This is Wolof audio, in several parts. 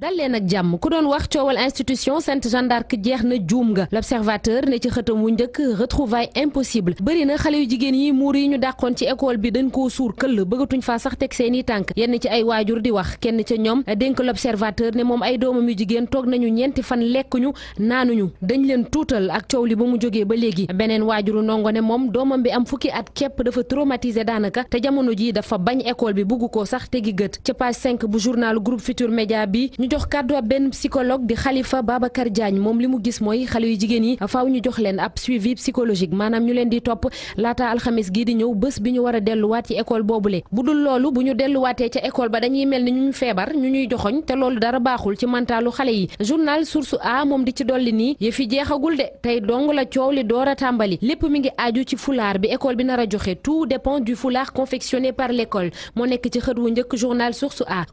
dalleen ak jàmm ku doon wax coowal institution Sainte Jeanne d'Arc jeex na juum nga l'observateur ne ci xëtam wu njëkk retrouvaille impossible bëri na xale yu jigéen yi muur yi ñu dàqoon ci école bi dañ koo suur këll bëggatuñ fa sax teg seeni tànk yenn ci ay waajur di wax kenn ca ñoom dénk l'observateur ne moom ay doomam yu jigéen toog nañu ñeenti fan lekkuñu naanuñu dañu leen tuutal ak coow li ba mu jógee ba léegi beneen waajuru ndongo ne moom doomam bi am fukki at képp dafa traumatisé daanaka te jamono jii dafa bañ école bi bugg koo sax tegi gët ca page 5 bu journal groupe Futur Média bi ñu jox kàddu ab benn psychologue di Khalifa Babacar Diagne moom li mu gis mooy xale yu jigéen yi faaw ñu jox leen ab suivi psychologique maanaam ñu leen di topp laata alxamis gii di ñëw bés bi ñu war a delluwaat ci école boobule bu dul loolu bu ñu delluwaatee ca école ba dañuy mel ni ñu feebar ñu ñuy joxoñ te loolu dara baaxul ci mantaalu xale yi journal Source A moom di ci dolli nii yëf yi jeexagul de tey dong la coow li door a tàmbali lépp mi ngi aaju ci fulaar bi école bi nar a joxe tout dépend du foulard confectionné par l'école moo nekk ci xët wu njëkk journal Source A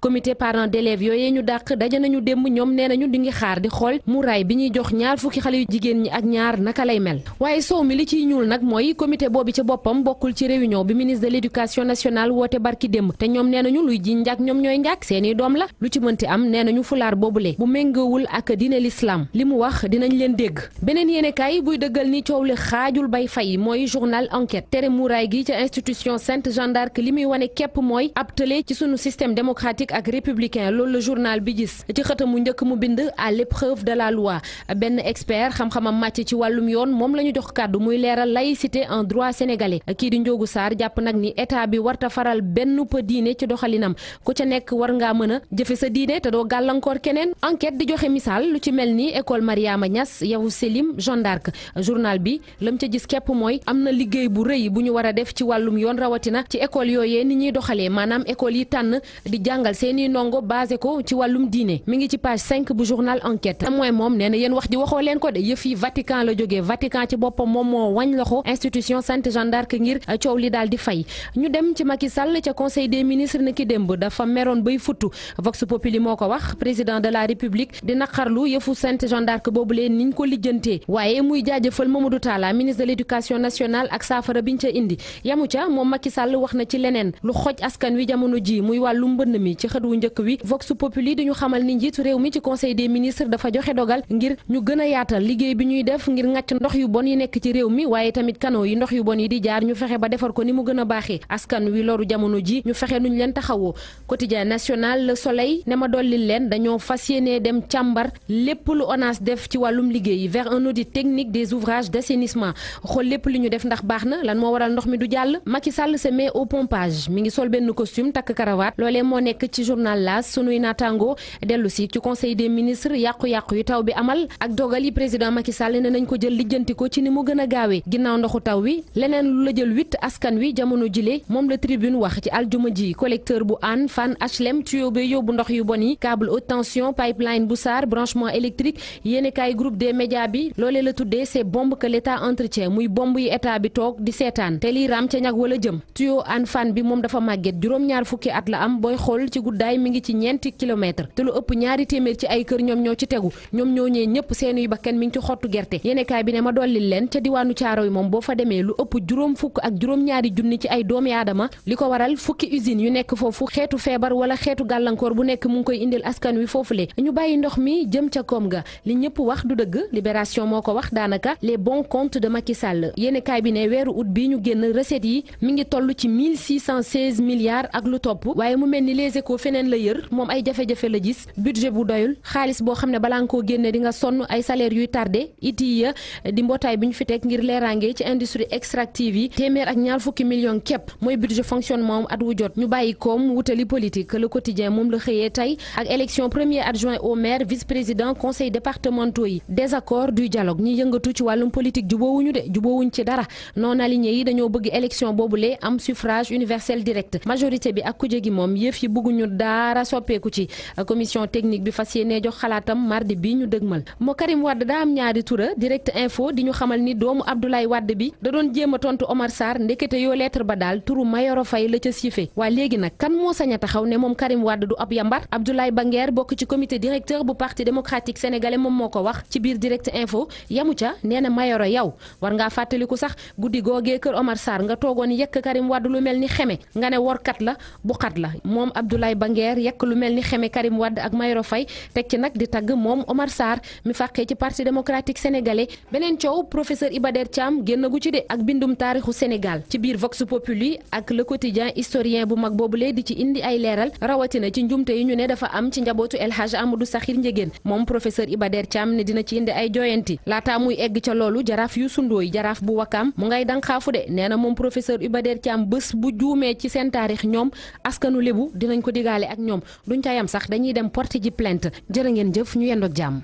daje nañu démb ñoom nee nañu di ngi xaar di xool muraay bi ñuy jox ñaar fukki xale yu jigéen ñi ak ñaar naka lay mel waaye soow mi li ciy ñuul nag mooy comité boobu ci boppam bokkul ci réunion bi ministre de l'éducation nationale woote barki démb te ñoom nee nañu luy ji njàkk ñoom ñooy njàkk seeni doom la lu ci mënti am nee nañu fulaar boobule bu méngawul ak diine l'islam li mu wax dinañ leen dégg beneen yéenekaay buy dëggal ni coow li xaajul bay fay mooy journal enquête tere muraay gi ca institution Sainte Jeanne li muy wane képp mooy ab ci sunu système démocratique ak républicain loolu la journal bi gis justice ci xëtam mu njëkk mu bind à l'épreuve de la loi benn expert xam-xamam màcc ci wàllum yoon moom la ñu jox kàddu muy leeral laïcité en droit sénégalais kii di Ndiogu saar jàpp nag ni état bi warta faral benn pa diine ci doxalinam ku ca nekk war ngaa mën a jëfe sa diine te doo gàllankoor keneen enquête di joxe misaal lu ci mel ni école Mariama Niass yow Selim Jeanne d'Arc journal bi lam ca gis képp mooy am na liggéey bu rëy bu ñu war a def ci wàllum yoon rawatina ci école yooyee ni ñuy doxalee maanaam école yi tànn di jàngal seeni ndongo basé diine mi ngi ci page 5 bu journal enquête mooy moom nee na wax ji waxoo leen ko de yëf yi Vatican la jógee Vatican ci boppam moom moo wañ loxo institution Sainte Jeanne ngir coow li daal di ñu dem ci Macky ca conseil des ministres na démb dafa meroon bay futtu Vox Populi moo ko wax président de la république di naqarlu yëfu Sainte Jeanne boobu leen niñ ko lijjantee waaye muy jaajëfal Mamadou Talla ministre de l'éducation nationale ak saafara xamal ni njiitu réew mi ci conseil des ministres dafa joxe dogal ngir ñu gën a yaatal liggéey bi ñuy def ngir ngàcc ndox yu bon yi nekk ci réew mi waaye tamit canaux yi ndox yu bon yi di jaar ñu fexe ba defar ko ni mu gën a baaxee askan wi loru jamono ji ñu fexe ñu leen taxawoo quotidien national le soleil ne ma dollil leen dañoo fas yéenee dem càmbar lépp lu ONAS def ci wàllum liggéey vers un audit technique des ouvrages d'assainissement xool lépp li ñu def ndax baax na lan moo waral ndox mi du jàll Macky Sall se met au mi ngi sol benn costume takk karawaat loolee moo nekk ci journal L'As sunuy naataango dellu si ci conseil des ministre yàqu-yàqu yu taw bi amal ak dogal yi président Macky Sall ne nañ ko jël lijjanti ko ci ni mu gën a gaawee ginnaaw ndoxu taw wi leneen lu la jël huit askan wi jamono jile moom la tribune wax ci aljuma ji collecteur bu Hann Fann HLM tuyau bi yóbbu ndox yu bon yi câble haute tension pipeline bu Sarr branchement électrique yéen kaay groupe des médias bi loolee la tuddee ces bombes que l'état entretient muy bomb yi état bi toog di seetaan te lii wala jëm tuyau Hann Fann bi moom dafa màgget juróom-ñaar fukki at am booy xool ci guddaay mi ngi ci ñeenti kilomètre ëpp ñaari téeméer ci ay kër ñoom ñoo ci tegu ñoom ñoo ñee ñëpp seenuy bakkan mi ngi ci xottu gerte yéenekaay bi ne ma dollil leen ca diwaanu caaro yi moom boo fa demee lu ëpp juróom fukk ak juróom-ñaari junni ci ay doomi aadama li ko waral fukki usine yu nekk foofu xeetu feebar wala xeetu gàllankoor bu nekk mu ngi koy indil askan wi foofu foofule ñu bàyyi ndox mi jëm ca koom ga li ñëpp wax du dëgg libération moo ko wax daanaka les bon comptes de Macky Sall yéenekaay bi ne weeru bi ñu génn recettes yi mi ngi toll ci 1616 milliards ak lu topp waaye mu mel ni les échos feneen la yër moom ay jafe la ji gis budget bu doyul xaalis boo xam ne balaa nga koo génne di nga sonn ay salaire yuy tardé ITIE di mbootaay bi ñu fi teg ngir leeraange ci industrie extractive yi téeméer ak ñaar fukki million képp mooy budget fonctionnement at wu jot ñu bàyyi koom wutali politique le quotidien moom la xëyee tey ak élection premier adjoint au maire vice président conseil départementaux yi désaccord du dialogue ñi yëngatu ci wàllum politique jubóowuñu de jubóowuñ ci dara non aligné yi dañoo bëgg élection boobule am suffrage universel direct majorité bi ak kuje gi moom yëf yi bëgguñu dara soppeeku ci commission technique bi fas yéenee jox xalaatam mardi bi ñu dëgmal moo Karim Wade daa am ñaari tura direct info di ñu xamal ni doomu Abdoulaye Wade bi da doon jéem a tontu Omar Sarr ndekete yoo lettre ba daal turu Mayoro Faye la ca siife waaye léegi nag kan moo sañ a taxaw ne moom Karim du ab yambar Abdoulaye Banguer bokk ci comité directeur bu parti démocratique sénégalais moom moo ko wax ci biir direct info yamu ca nee Mayoro yow war ngaa fàttaliku sax guddi googee kër Omar Sarr nga toogoon yekk Karim lu mel ni xeme nga ne workat la bu xat la moom Abdoulaye Banguer yekk lu mel ni xeme Karim Wade ak Mayoro Faye teg ci nag di tagg moom Omar Sarr mi fàqee ci parti démocratique sénégalais beneen coow professeur Iba Der génn gu ci de ak bindum taarixu Sénégal ci biir Vox Populi ak Le Quotidien historien bu mag boobu lee di ci indi ay leeral rawatina ci njumte yi ñu ne dafa am ci njabootu El Hadj Amadou Sakhir Ndiéguène moom professeur Iba Der Thiam ne dina ci indi ay jooyanti laataa muy egg ca loolu jaraaf yu sundooy jaraaf bu wakkaam mu ngay danxaafu de nee na moom professeur Iba Der Thiam bés bu juumee ci seen taarix ñoom askanu lébu dinañ dem porte ji plainte jërë ngeen jëf ñu yendoo jàmm